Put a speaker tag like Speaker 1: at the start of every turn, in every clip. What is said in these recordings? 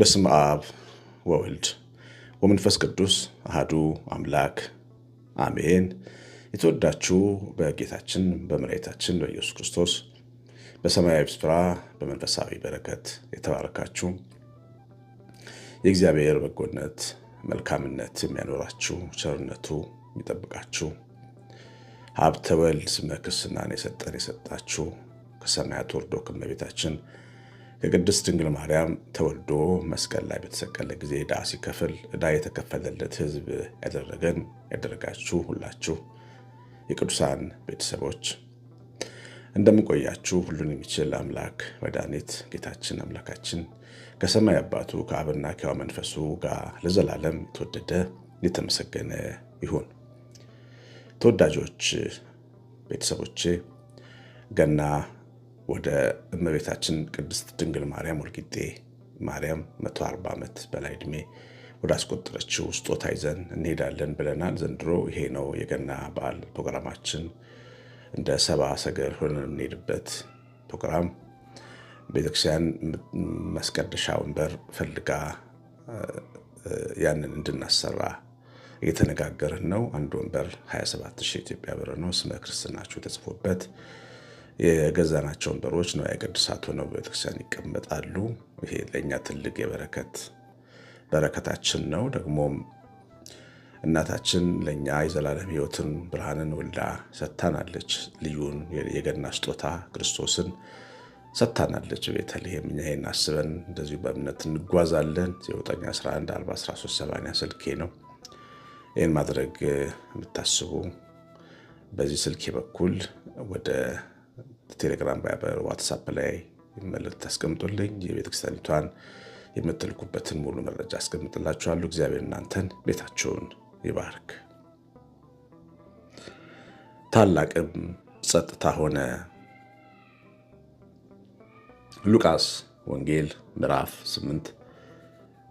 Speaker 1: በስም አብ ወወልድ ወመንፈስ ቅዱስ አህዱ አምላክ አሜን። የተወዳችሁ በጌታችን በመድኃኒታችን በኢየሱስ ክርስቶስ በሰማያዊ ስፍራ በመንፈሳዊ በረከት የተባረካችሁ የእግዚአብሔር በጎነት መልካምነት የሚያኖራችሁ ቸርነቱ የሚጠብቃችሁ ሀብተወል ስመ ክርስትናን የሰጠን የሰጣችሁ ከሰማያት ወርዶ ከእመቤታችን ከቅድስት ድንግል ማርያም ተወልዶ መስቀል ላይ በተሰቀለ ጊዜ ዕዳ ሲከፍል ዕዳ የተከፈለለት ሕዝብ ያደረገን ያደረጋችሁ ሁላችሁ የቅዱሳን ቤተሰቦች እንደምንቆያችሁ ሁሉን የሚችል አምላክ መድኃኒት ጌታችን አምላካችን ከሰማይ አባቱ ከአብና ከሕያው መንፈሱ ጋር ለዘላለም የተወደደ የተመሰገነ ይሁን። ተወዳጆች ቤተሰቦቼ ገና ወደ እመቤታችን ቅድስት ድንግል ማርያም ወልቂጤ ማርያም 140 ዓመት በላይ ዕድሜ አስቆጠረችው ስጦታ ይዘን እንሄዳለን ብለናል። ዘንድሮ ይሄ ነው የገና በዓል ፕሮግራማችን። እንደ ሰባ ሰገል ሆነን የምንሄድበት ፕሮግራም ቤተክርስቲያን መስቀደሻ ወንበር ፈልጋ ያንን እንድናሰራ እየተነጋገርን ነው። አንድ ወንበር 27 ኢትዮጵያ ብር ነው። ስመ ክርስትናችሁ ተጽፎበት የገዛናቸው ወንበሮች ነው የቅዱሳት ሆነው በቤተክርስቲያን ይቀመጣሉ። ይሄ ለእኛ ትልቅ የበረከት በረከታችን ነው። ደግሞም እናታችን ለእኛ የዘላለም ሕይወትን ብርሃንን ወልዳ ሰጥታናለች። ልዩን የገና ስጦታ ክርስቶስን ሰጥታናለች ቤተልሔም። እኛ ይህን አስበን እንደዚሁ በእምነት እንጓዛለን። 9 11 43 80 ስልኬ ነው። ይህን ማድረግ የምታስቡ በዚህ ስልክ በኩል ወደ ቴሌግራም፣ ቫይበር፣ ዋትሳፕ ላይ መልእክት አስቀምጡልኝ። የቤተክርስቲያኒቷን የምትልኩበትን ሙሉ መረጃ አስቀምጥላችኋለሁ። እግዚአብሔር እናንተን ቤታችሁን ይባርክ። ታላቅም ጸጥታ ሆነ። ሉቃስ ወንጌል ምዕራፍ 8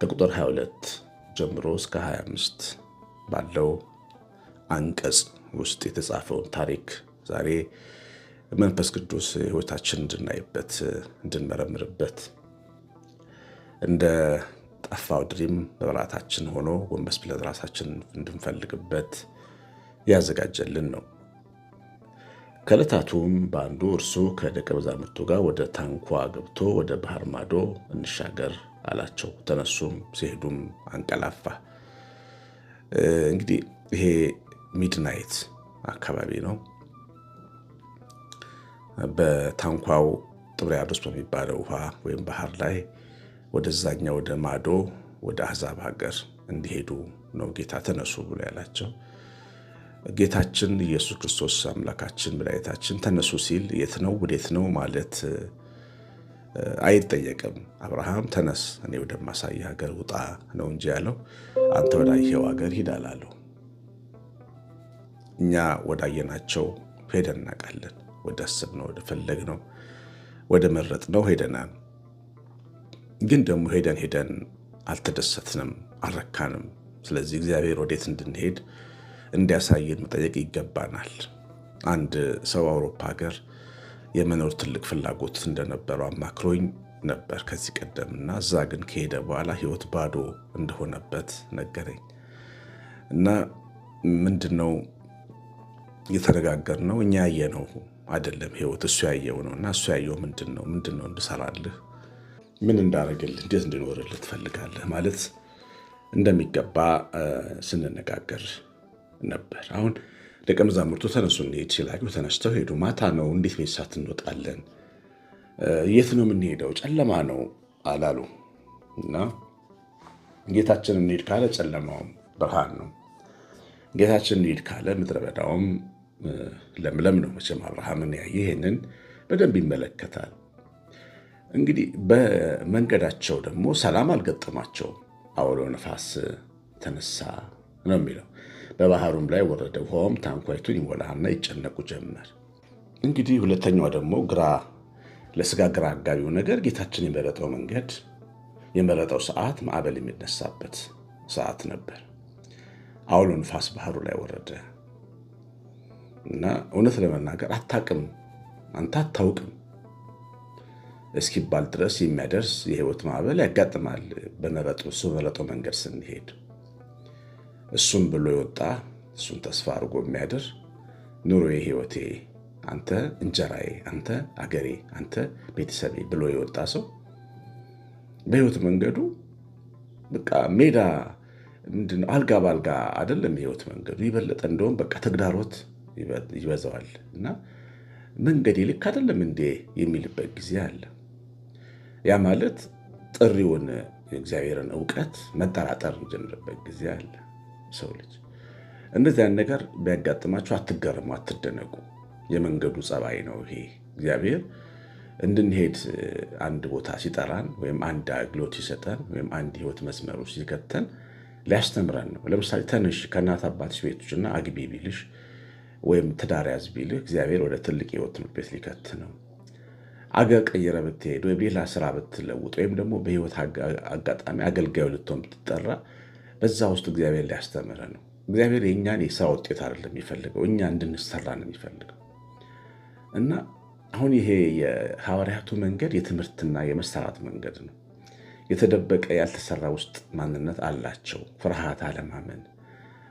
Speaker 1: ከቁጥር 22 ጀምሮ እስከ 25 ባለው አንቀጽ ውስጥ የተጻፈውን ታሪክ ዛሬ መንፈስ ቅዱስ ሕይወታችን እንድናይበት እንድንመረምርበት እንደ ጠፋው ድሪም መብራታችን ሆኖ ጎንበስ ብለን ራሳችን እንድንፈልግበት ያዘጋጀልን ነው። ከዕለታቱም በአንዱ እርሱ ከደቀ መዛሙርቱ ጋር ወደ ታንኳ ገብቶ ወደ ባህር ማዶ እንሻገር አላቸው። ተነሱም ሲሄዱም አንቀላፋ። እንግዲህ ይሄ ሚድናይት አካባቢ ነው። በታንኳው ጥብርያዶስ በሚባለው ውሃ ወይም ባህር ላይ ወደዛኛ ወደ ማዶ ወደ አህዛብ ሀገር እንዲሄዱ ነው ጌታ ተነሱ ብሎ ያላቸው። ጌታችን ኢየሱስ ክርስቶስ አምላካችን መድኃኒታችን ተነሱ ሲል የት ነው ወዴት ነው ማለት አይጠየቅም። አብርሃም ተነስ፣ እኔ ማሳይ ሀገር ውጣ ነው እንጂ ያለው አንተ ወዳየው ሀገር ሂድ አላለው። እኛ ወዳየናቸው ሄደን እናውቃለን። ወደ አስብ ነው ወደ ፈለግ ነው ወደ መረጥ ነው ሄደናል። ግን ደግሞ ሄደን ሄደን አልተደሰትንም፣ አልረካንም። ስለዚህ እግዚአብሔር ወዴት እንድንሄድ እንዲያሳየን መጠየቅ ይገባናል። አንድ ሰው አውሮፓ ሀገር የመኖር ትልቅ ፍላጎት እንደነበረው አማክሮኝ ነበር ከዚህ ቀደምና እዛ ግን ከሄደ በኋላ ህይወት ባዶ እንደሆነበት ነገረኝ እና ምንድነው ነው እየተነጋገርነው እኛ ያየነው አይደለም ህይወት እሱ ያየው ነው እና እሱ ያየው ምንድን ነው ምንድን ነው እንድሰራልህ ምን እንዳረግልህ እንዴት እንድኖርልህ ትፈልጋለህ ማለት እንደሚገባ ስንነጋገር ነበር አሁን ደቀ መዛሙርቱ ተነሱ እንሄድ ሲላቸው ተነስተው ሄዱ። ማታ ነው፣ እንዴት ቤት እንወጣለን? የት ነው የምንሄደው? ጨለማ ነው አላሉ እና ጌታችን እንሄድ ካለ ጨለማውም ብርሃን ነው። ጌታችን እንሄድ ካለ ምድረ በዳውም ለምለም ነው። መቼም አብርሃምን ያየ ይህንን በደንብ ይመለከታል። እንግዲህ በመንገዳቸው ደግሞ ሰላም አልገጠማቸውም። አውሎ ነፋስ ተነሳ ነው የሚለው በባህሩም ላይ ወረደ። ውሃውም ታንኳይቱን ይሞላና ይጨነቁ ጀመር። እንግዲህ ሁለተኛዋ ደግሞ ግራ ለስጋ ግራ አጋቢው ነገር ጌታችን የመረጠው መንገድ የመረጠው ሰዓት ማዕበል የሚነሳበት ሰዓት ነበር። አውሎ ንፋስ ባህሩ ላይ ወረደ እና እውነት ለመናገር አታቅም አንተ አታውቅም እስኪባል ድረስ የሚያደርስ የህይወት ማዕበል ያጋጥማል። በመረጠው መንገድ ስንሄድ እሱን ብሎ የወጣ እሱን ተስፋ አድርጎ የሚያድር ኑሮዬ፣ ህይወቴ፣ አንተ እንጀራዬ፣ አንተ አገሬ፣ አንተ ቤተሰቤ ብሎ የወጣ ሰው በህይወት መንገዱ በቃ ሜዳ ምንድነው አልጋ በአልጋ አይደለም የህይወት መንገዱ። ይበለጠ እንደውም በቃ ተግዳሮት ይበዛዋል እና መንገዴ ልክ አይደለም እንዴ የሚልበት ጊዜ አለ። ያ ማለት ጥሪውን፣ የእግዚአብሔርን እውቀት መጠራጠር የሚጀምርበት ጊዜ አለ። ሰው ልጅ እንደዚያን ነገር ቢያጋጥማችሁ አትገርሙ፣ አትደነቁ። የመንገዱ ጸባይ ነው ይሄ። እግዚአብሔር እንድንሄድ አንድ ቦታ ሲጠራን ወይም አንድ አግሎት ሲሰጠን ወይም አንድ ህይወት መስመሩ ሲከተን ሊያስተምረን ነው። ለምሳሌ ተንሽ ከእናት አባትሽ ቤቶችና አግቢ ቢልሽ ወይም ትዳር ያዝ ቢልህ እግዚአብሔር ወደ ትልቅ ህይወት ትምህርት ቤት ሊከት ነው። አገር ቀይረ ብትሄድ ወይም ሌላ ስራ ብትለውጥ ወይም ደግሞ በህይወት አጋጣሚ አገልጋዩ ልትሆን ብትጠራ በዛ ውስጥ እግዚአብሔር ሊያስተምረ ነው። እግዚአብሔር የእኛን የስራ ውጤት አይደለም የሚፈልገው፣ እኛ እንድንሰራ ነው የሚፈልገው እና አሁን ይሄ የሐዋርያቱ መንገድ የትምህርትና የመሰራት መንገድ ነው። የተደበቀ ያልተሰራ ውስጥ ማንነት አላቸው። ፍርሃት፣ አለማመን፣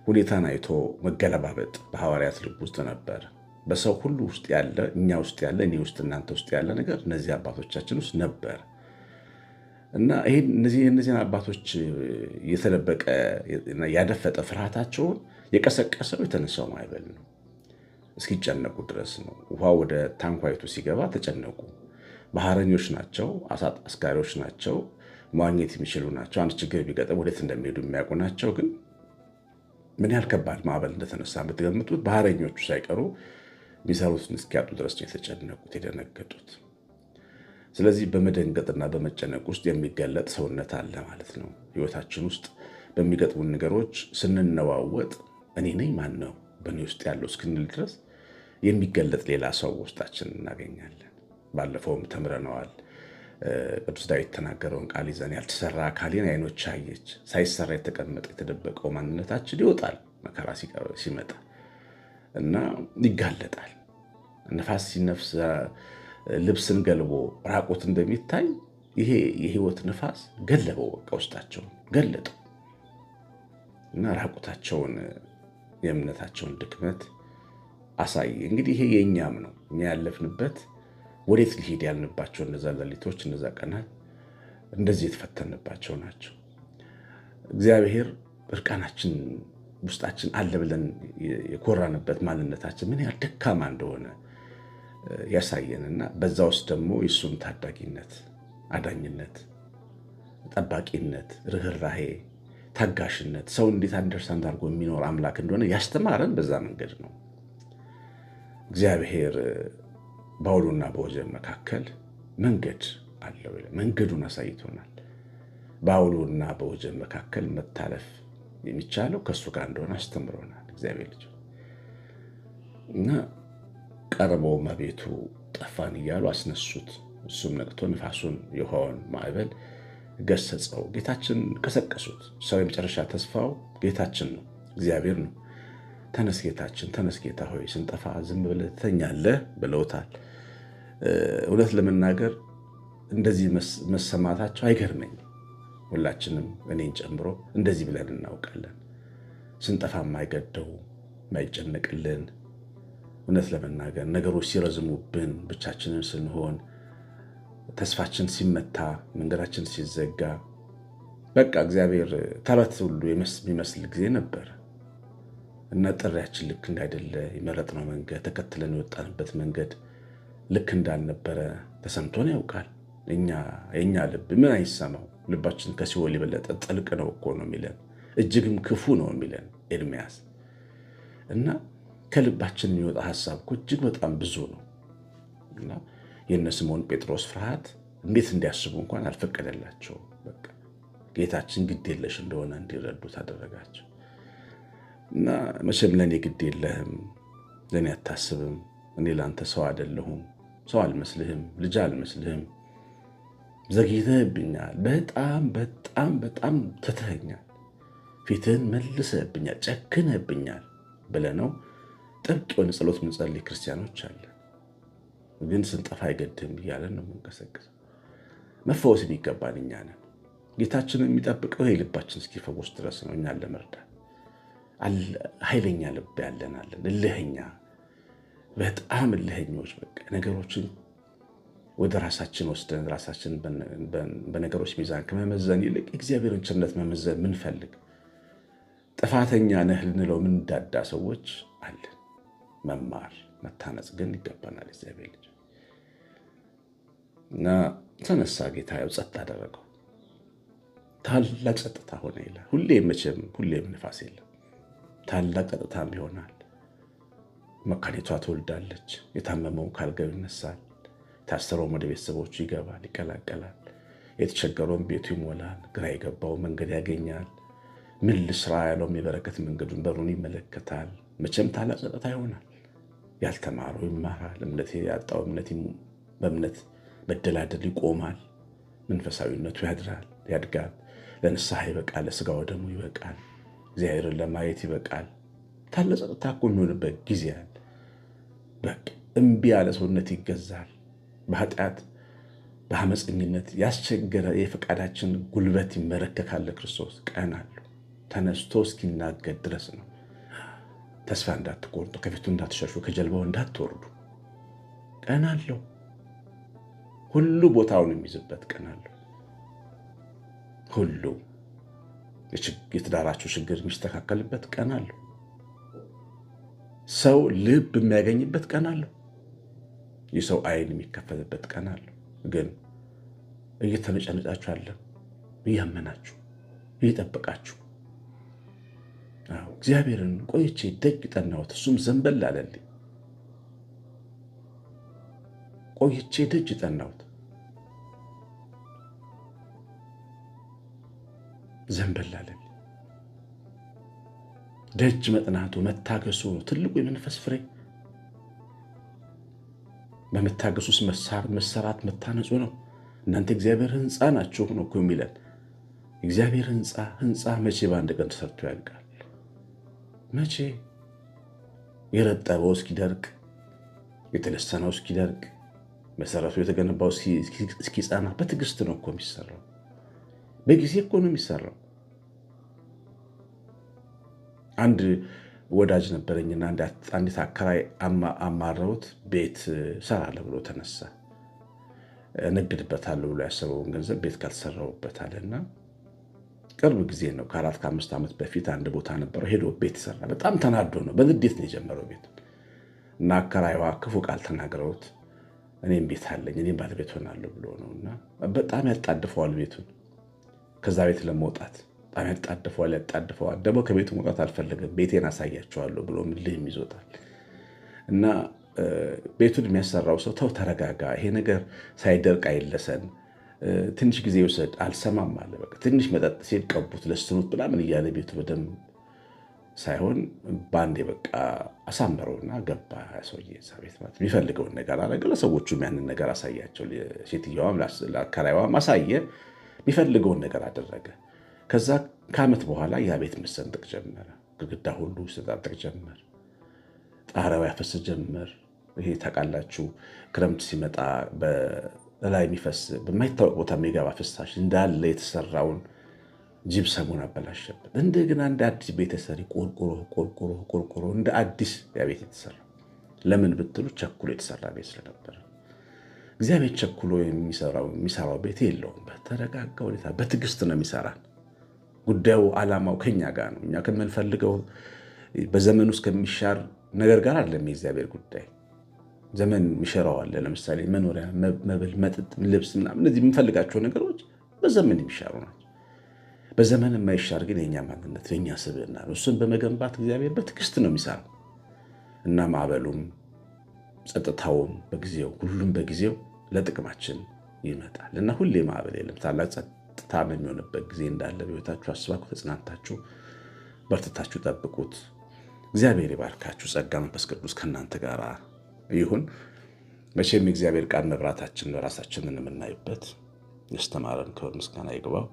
Speaker 1: ሁኔታን አይቶ መገለባበጥ በሐዋርያት ልብ ውስጥ ነበር። በሰው ሁሉ ውስጥ ያለ እኛ ውስጥ ያለ እኔ ውስጥ እናንተ ውስጥ ያለ ነገር እነዚህ አባቶቻችን ውስጥ ነበር። እና እነዚህ እነዚህን አባቶች የተለበቀ ያደፈጠ ፍርሃታቸውን የቀሰቀሰው የተነሳው ማዕበል ነው። እስኪጨነቁ ድረስ ነው። ውሃ ወደ ታንኳይቱ ሲገባ ተጨነቁ። ባህረኞች ናቸው፣ አሳ አስጋሪዎች ናቸው፣ መዋኘት የሚችሉ ናቸው። አንድ ችግር ቢገጠም ወዴት እንደሚሄዱ የሚያውቁ ናቸው። ግን ምን ያህል ከባድ ማዕበል እንደተነሳ የምትገምጡት? ባህረኞቹ ሳይቀሩ የሚሰሩትን እስኪያጡ ድረስ ነው የተጨነቁት፣ የደነገጡት። ስለዚህ በመደንገጥና በመጨነቅ ውስጥ የሚገለጥ ሰውነት አለ ማለት ነው። ህይወታችን ውስጥ በሚገጥሙን ነገሮች ስንነዋወጥ እኔ ነኝ ማን ነው በእኔ ውስጥ ያለው እስክንል ድረስ የሚገለጥ ሌላ ሰው ውስጣችን እናገኛለን። ባለፈውም ተምረነዋል። ቅዱስ ዳዊት የተናገረውን ቃል ይዘን ያልተሰራ አካሌን አይኖች አየች። ሳይሰራ የተቀመጠ የተደበቀው ማንነታችን ይወጣል። መከራ ሲመጣ እና ይጋለጣል። ነፋስ ሲነፍስ ልብስን ገልቦ ራቁት እንደሚታይ ይሄ የህይወት ንፋስ ገለበው፣ በቃ ውስጣቸውን ገለጠው እና ራቁታቸውን የእምነታቸውን ድክመት አሳየ። እንግዲህ ይሄ የእኛም ነው። እኛ ያለፍንበት ወዴት ሊሄድ ያልንባቸው እነዛ ሌሊቶች፣ እነዛ ቀናት እንደዚህ የተፈተንባቸው ናቸው። እግዚአብሔር እርቃናችን ውስጣችን አለ ብለን የኮራንበት ማንነታችን ምን ያህል ደካማ እንደሆነ ያሳየንና በዛ ውስጥ ደግሞ የእሱን ታዳጊነት፣ አዳኝነት፣ ጠባቂነት፣ ርኅራሄ፣ ታጋሽነት ሰው እንዴት አንደርስታንድ አድርጎ የሚኖር አምላክ እንደሆነ ያስተማረን በዛ መንገድ ነው። እግዚአብሔር በአውሎና በወጀብ መካከል መንገድ አለው። መንገዱን አሳይቶናል። በአውሎና በወጀብ መካከል መታለፍ የሚቻለው ከእሱ ጋር እንደሆነ አስተምሮናል። እግዚአብሔር ልጅ እና ቀርበው መቤቱ ጠፋን እያሉ አስነሱት። እሱም ነቅቶ ንፋሱን የውሃውን ማዕበል ገሰጸው። ጌታችን ቀሰቀሱት። ሰው የመጨረሻ ተስፋው ጌታችን ነው፣ እግዚአብሔር ነው። ተነስ ጌታችን፣ ተነስ ጌታ ሆይ ስንጠፋ ዝም ብለህ ትተኛለህ ብለውታል። እውነት ለመናገር እንደዚህ መሰማታቸው አይገርመኝ። ሁላችንም እኔን ጨምሮ እንደዚህ ብለን እናውቃለን። ስንጠፋ ማይገደው ማይጨነቅልን እውነት ለመናገር ነገሮች ሲረዝሙብን፣ ብቻችንን ስንሆን፣ ተስፋችን ሲመታ፣ መንገዳችን ሲዘጋ፣ በቃ እግዚአብሔር ተረት ሁሉ የሚመስል ጊዜ ነበር እና ጥሪያችን ልክ እንዳይደለ የመረጥነው መንገድ ተከትለን የወጣንበት መንገድ ልክ እንዳልነበረ ተሰምቶን ያውቃል። የእኛ ልብ ምን አይሰማው? ልባችን ከሲኦል የበለጠ ጥልቅ ነው እኮ ነው የሚለን፣ እጅግም ክፉ ነው የሚለን ኤርምያስ እና ከልባችን የሚወጣ ሀሳብ እኮ እጅግ በጣም ብዙ ነው እና የእነ ስምዖን ጴጥሮስ ፍርሃት እንዴት እንዲያስቡ እንኳን አልፈቀደላቸው። ጌታችን ግድ የለሽ እንደሆነ እንዲረዱት አደረጋቸው እና መቼም ለእኔ ግድ የለህም፣ ለእኔ አታስብም፣ እኔ ለአንተ ሰው አይደለሁም፣ ሰው አልመስልህም፣ ልጅ አልመስልህም፣ ዘግይተህብኛል፣ በጣም በጣም በጣም ትተኸኛል፣ ፊትህን መልሰህብኛል፣ ጨክነህብኛል ብለህ ነው ጥብቅ የሆነ ጸሎት ምንጸልይ ክርስቲያኖች አለ። ግን ስንጠፋ አይገድም እያለን ነው የምንቀሰቅሰው። መፈወስ የሚገባን እኛ ነን። ጌታችን የሚጠብቀው የልባችን እስኪፈወስ ድረስ ነው እኛን ለመርዳት ኃይለኛ ልብ ያለን አለን። እልህኛ በጣም እልህኞች፣ በቃ ነገሮችን ወደ ራሳችን ወስደን ራሳችን በነገሮች ሚዛን ከመመዘን ይልቅ እግዚአብሔርን ቸርነት መመዘን ምንፈልግ ጥፋተኛ ነህ ልንለው ምንዳዳ ሰዎች አለን። መማር መታነጽ ግን ይገባናል። እግዚአብሔር ልጅ እና ተነሳ ጌታ ያው ጸጥ አደረገው። ታላቅ ጸጥታ ሆነ ይላል። ሁሌም መቼም ሁሌም ንፋስ የለም። ታላቅ ጸጥታም ይሆናል። መካኒቷ ትወልዳለች። የታመመው ካልገብ ይነሳል። የታሰረውም ወደ ቤተሰቦቹ ይገባል፣ ይቀላቀላል። የተቸገረውም ቤቱ ይሞላል። ግራ የገባው መንገድ ያገኛል። ምን ልስራ ያለውም የበረከት መንገዱን በሩን ይመለከታል። መቼም ታላቅ ጸጥታ ይሆናል። ያልተማረው ይማራል። እምነት ያጣው እምነት በእምነት መደላደል ይቆማል። መንፈሳዊነቱ ያድራል፣ ያድጋል። ለንስሐ ይበቃል፣ ለስጋው ደግሞ ይበቃል፣ እግዚአብሔርን ለማየት ይበቃል። ታለ ጸጥታ እኮ የሚሆንበት ጊዜ አለ። በቃ እምቢ ያለ ሰውነት ይገዛል። በኃጢአት በአመፀኝነት ያስቸገረ የፈቃዳችን ጉልበት ይመረከካል። ክርስቶስ ቀን አሉ ተነስቶ እስኪናገድ ድረስ ነው። ተስፋ እንዳትቆርጡ፣ ከፊቱ እንዳትሸሹ፣ ከጀልባው እንዳትወርዱ። ቀን አለው። ሁሉ ቦታውን የሚይዝበት ቀን አለው። ሁሉ የትዳራችሁ ችግር የሚስተካከልበት ቀን አለው። ሰው ልብ የሚያገኝበት ቀን አለው። የሰው አይን የሚከፈልበት ቀን አለው። ግን እየተነጨነጫችሁ አለ እያመናችሁ እየጠበቃችሁ እግዚአብሔርን ቆይቼ ደጅ ጠናሁት፣ እሱም ዘንበል አለልኝ። ቆይቼ ደጅ ጠናሁት፣ ዘንበል አለልኝ። ደጅ መጥናቱ መታገሱ ትልቁ የመንፈስ ፍሬ በመታገሱ ውስጥ መሰራት መታነጹ ነው። እናንተ እግዚአብሔር ህንፃ ናችሁ ነው እኮ የሚለን። እግዚአብሔር ህንፃ ህንፃ መቼ በአንድ ቀን ተሰርቶ ያልቃል? መቼ የረጠበው እስኪደርቅ የተለሰነው እስኪደርቅ መሰረቱ የተገነባው እስኪጻና በትዕግስት ነው እኮ የሚሰራው። በጊዜ እኮ ነው የሚሰራው። አንድ ወዳጅ ነበረኝና አንዲት አከራይ አማረውት ቤት ሰራለ ብሎ ተነሳ። ንግድበታለ ብሎ ያሰበውን ገንዘብ ቤት አለና ቅርብ ጊዜ ነው። ከአራት ከአምስት ዓመት በፊት አንድ ቦታ ነበረው ሄዶ ቤት ሰራ። በጣም ተናዶ ነው፣ በንዴት ነው የጀመረው ቤት እና አከራይዋ ክፉ ቃል ተናግረውት እኔም ቤት አለኝ እኔም ባለቤት ሆናለሁ ብሎ ነው እና በጣም ያጣድፈዋል ቤቱን። ከዛ ቤት ለመውጣት በጣም ያጣድፈዋል ያጣድፈዋል። ደግሞ ከቤቱ መውጣት አልፈለገም። ቤቴን አሳያቸዋለሁ ብሎ ምልህም ይዞታል እና ቤቱን የሚያሰራው ሰው ተው ተረጋጋ፣ ይሄ ነገር ሳይደርቅ አይለሰን ትንሽ ጊዜ ይውሰድ አልሰማም አለ። በቃ ትንሽ መጠጥ ሲል ቀቡት ለስኑት ምናምን እያለ ቤቱ በደንብ ሳይሆን በአንዴ በቃ አሳምረውና ገባ ሰውዬ እዛ ቤት ማለት የሚፈልገውን ነገር አረገ። ለሰዎቹም ያንን ነገር አሳያቸው። ሴትየዋም ለአከራይዋም አሳየ። የሚፈልገውን ነገር አደረገ። ከዛ ከዓመት በኋላ ያ ቤት መሰንጠቅ ጀመረ። ግድግዳ ሁሉ ሲሰነጠቅ ጀመር። ጣሪያው ያፈስ ጀመር። ይሄ ታውቃላችሁ ክረምት ሲመጣ ላይ የሚፈስ በማይታወቅ ቦታ የሚገባ ፍሳሽ እንዳለ የተሰራውን ጅብሰሙን አበላሸብን። እንደገና እንደ አዲስ ቤተሰሪ ቆርቆሮ ቆርቆሮ ቆርቆሮ እንደ አዲስ ቤት የተሰራ ለምን ብትሉ ቸኩሎ የተሰራ ቤት ስለነበረ እግዚአብሔር ቸኩሎ የሚሰራው ቤት የለውም። በተረጋጋ ሁኔታ በትዕግስት ነው የሚሰራን። ጉዳዩ አላማው ከኛ ጋር ነው። እኛ ከምንፈልገው በዘመን ውስጥ ከሚሻር ነገር ጋር አይደለም የእግዚአብሔር ጉዳይ። ዘመን ይሸረዋል። ለምሳሌ መኖሪያ፣ መብል፣ መጠጥ፣ ልብስ ምናምን እነዚህ የምንፈልጋቸው ነገሮች በዘመን የሚሻሩ ናቸው። በዘመን የማይሻር ግን የኛ ማንነት የኛ ስብዕና ነው። እሱን በመገንባት እግዚአብሔር በትዕግስት ነው የሚሰራው እና ማዕበሉም ጸጥታውም በጊዜው ሁሉም በጊዜው ለጥቅማችን ይመጣል እና ሁሌ ማዕበል የለም። ታላቅ ጸጥታ የሚሆንበት ጊዜ እንዳለ በሕይወታችሁ አስባችሁ ተጽናንታችሁ በርትታችሁ ጠብቁት። እግዚአብሔር ይባርካችሁ። ጸጋ መንፈስ ቅዱስ ከእናንተ ጋር ይሁን። መቼም የእግዚአብሔር ቃል መብራታችን ራሳችንን የምናይበት ያስተማረን ክብር ምስጋና ይግባው።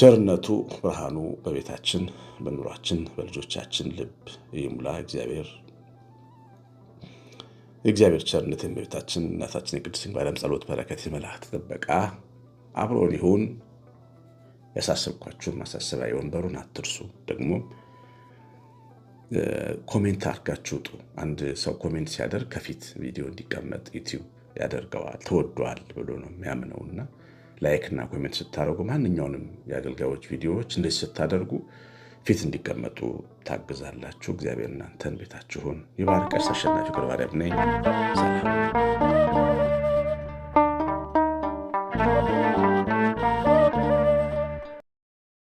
Speaker 1: ቸርነቱ ብርሃኑ በቤታችን በኑሯችን በልጆቻችን ልብ ይሙላ። እግዚአብሔር የእግዚአብሔር ቸርነት የእመቤታችን እናታችን የቅድስት ማርያም ጸሎት በረከት የመላእክት ጥበቃ አብሮን ይሁን። ያሳሰብኳችሁን ማሳሰቢያ የወንበሩን አትርሱ። ደግሞ ኮሜንት አድርጋችሁ ውጡ። አንድ ሰው ኮሜንት ሲያደርግ ከፊት ቪዲዮ እንዲቀመጥ ዩቲዩብ ያደርገዋል። ተወዷል ብሎ ነው የሚያምነው እና ላይክና ኮሜንት ስታደርጉ ማንኛውንም የአገልጋዮች ቪዲዮዎች እንደዚህ ስታደርጉ ፊት እንዲቀመጡ ታግዛላችሁ። እግዚአብሔር እናንተን ቤታችሁን ይባርክ። ቀሲስ አሸናፊ ነኝ። ሰላም